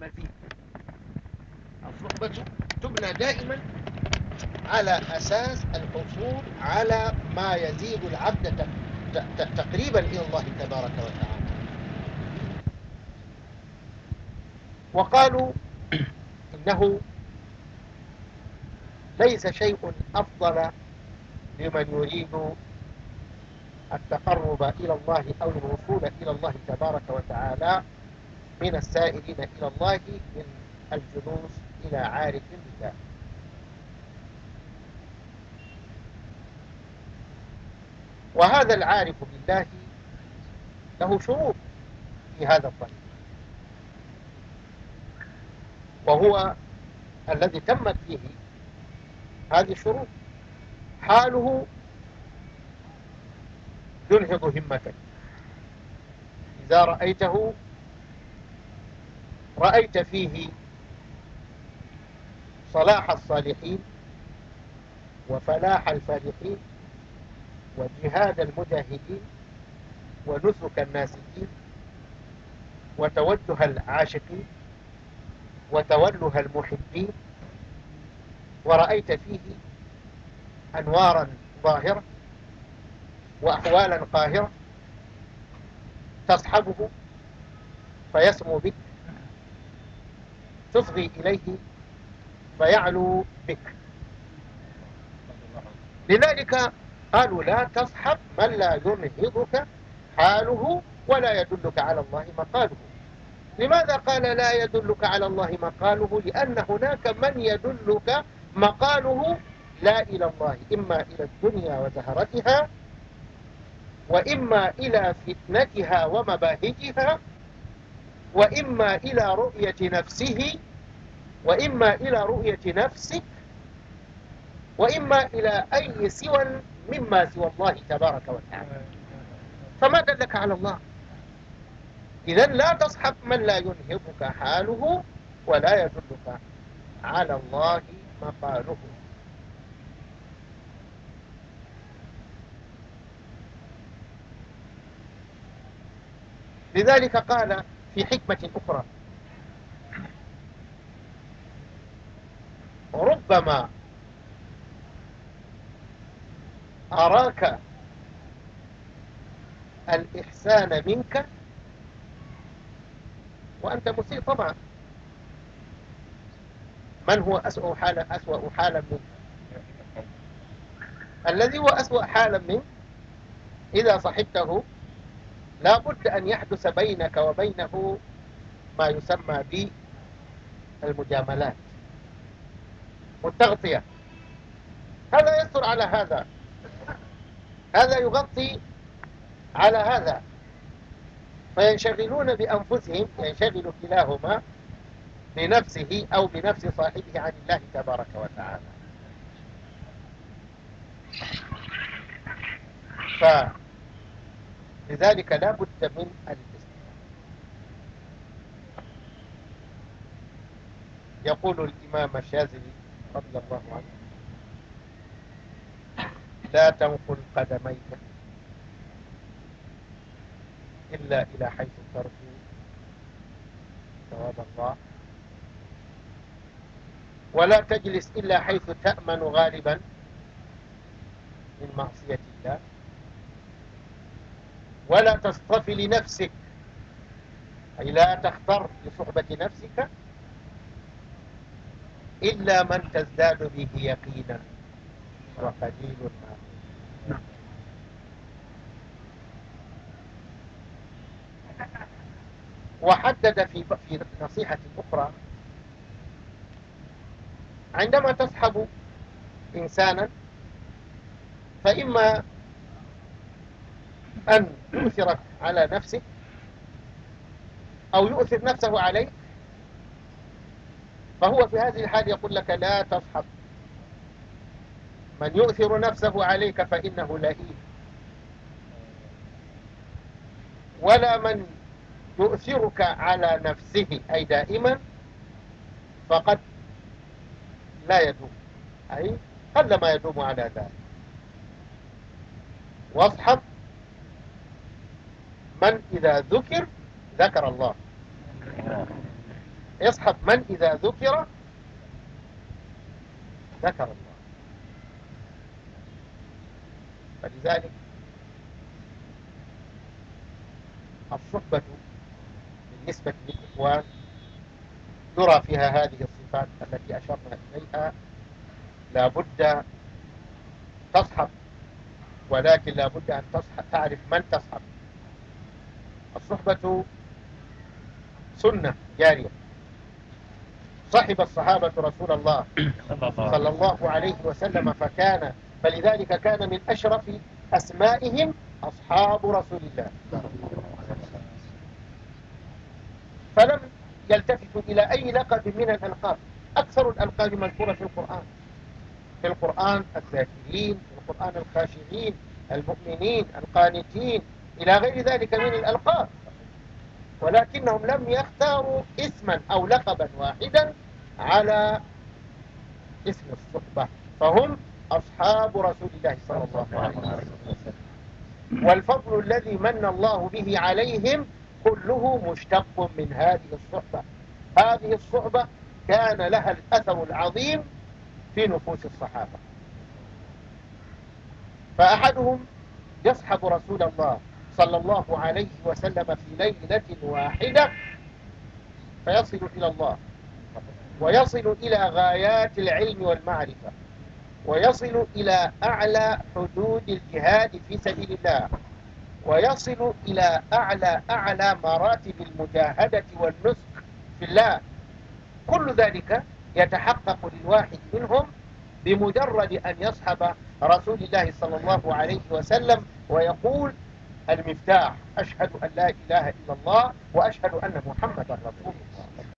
ما فيه الصحبة تبنى دائما على أساس الحصول على ما يزيد العبد تقريبا إلى الله تبارك وتعالى وقالوا إنه ليس شيء أفضل لمن يريد التقرب إلى الله أو الوصول إلى الله تبارك وتعالى من السائلين إلى الله من الجلوس إلى عارف بالله وهذا العارف بالله له شروط في هذا الطريق وهو الذي تمت فيه هذه الشروط حاله ينهض همتك إذا رأيته رأيت فيه صلاح الصالحين وفلاح الفالحين وجهاد المجاهدين ونسك الناسكين وتوجه العاشقين وتوله المحبين ورأيت فيه أنوارا ظاهرة وأحوالا قاهرة تصحبه فيسمو بك تفضي إليه فيعلو بك لذلك قالوا لا تصحب من لا ينهضك حاله ولا يدلك على الله مقاله لماذا قال لا يدلك على الله مقاله لأن هناك من يدلك مقاله لا إلى الله إما إلى الدنيا وزهرتها وإما إلى فتنتها ومباهجها وإما إلى رؤية نفسه وإما إلى رؤية نفسه وإما إلى أي سوى مما سوى الله تبارك وتعالى فما دلك على الله إذا لا تصحب من لا ينهبك حاله ولا يدلك على الله مقاله لذلك قال في حكمة أخرى ربما أراك الإحسان منك وأنت مسيء طبعا من هو أسوأ حالا أسوأ حالا منك الذي هو أسوأ حالا منك إذا صحبته لا بد أن يحدث بينك وبينه ما يسمى بالمجاملات والتغطية هذا يستر على هذا هذا يغطي على هذا فينشغلون بأنفسهم ينشغل كلاهما بنفسه أو بنفس صاحبه عن الله تبارك وتعالى ف لذلك لا بد من الاستثناء يقول الإمام الشاذلي رضي الله عنه لا تنقل قدميك إلا إلى حيث ترجو ثواب الله ولا تجلس إلا حيث تأمن غالبا من معصية الله ولا تصطفي لنفسك أي لا تختر لصحبة نفسك إلا من تزداد به يقينا وقليل ما نعم وحدد في في نصيحة أخرى عندما تصحب إنسانا فإما أن يؤثرك على نفسه أو يؤثر نفسه عليك فهو في هذه الحال يقول لك لا تصحب من يؤثر نفسه عليك فإنه لئيم ولا من يؤثرك على نفسه أي دائما فقد لا يدوم أي قلما يدوم على ذلك واصحب من إذا ذكر ذكر الله اصحب من إذا ذكر ذكر الله فلذلك الصحبة بالنسبة للإخوان ترى فيها هذه الصفات التي أشرنا إليها لابد تصحب ولكن لابد أن تصحب تعرف من تصحب الصحبة سنة جارية يعني صحب الصحابة رسول الله صلى الله عليه وسلم فكان فلذلك كان من أشرف أسمائهم أصحاب رسول الله فلم يلتفت إلى أي لقب من الألقاب أكثر الألقاب مذكورة في القرآن في القرآن الذاكرين في القرآن الخاشعين المؤمنين القانتين إلى غير ذلك من الألقاب ولكنهم لم يختاروا اسما أو لقبا واحدا على اسم الصحبة فهم أصحاب رسول الله صلى الله عليه وسلم والفضل الذي من الله به عليهم كله مشتق من هذه الصحبة هذه الصحبة كان لها الأثر العظيم في نفوس الصحابة فأحدهم يصحب رسول الله صلى الله عليه وسلم في ليلة واحدة فيصل إلى الله ويصل إلى غايات العلم والمعرفة ويصل إلى أعلى حدود الجهاد في سبيل الله ويصل إلى أعلى أعلى مراتب المجاهدة والنسك في الله كل ذلك يتحقق للواحد منهم بمجرد أن يصحب رسول الله صلى الله عليه وسلم ويقول المفتاح أشهد أن لا إله إلا الله وأشهد أن محمدا رسول الله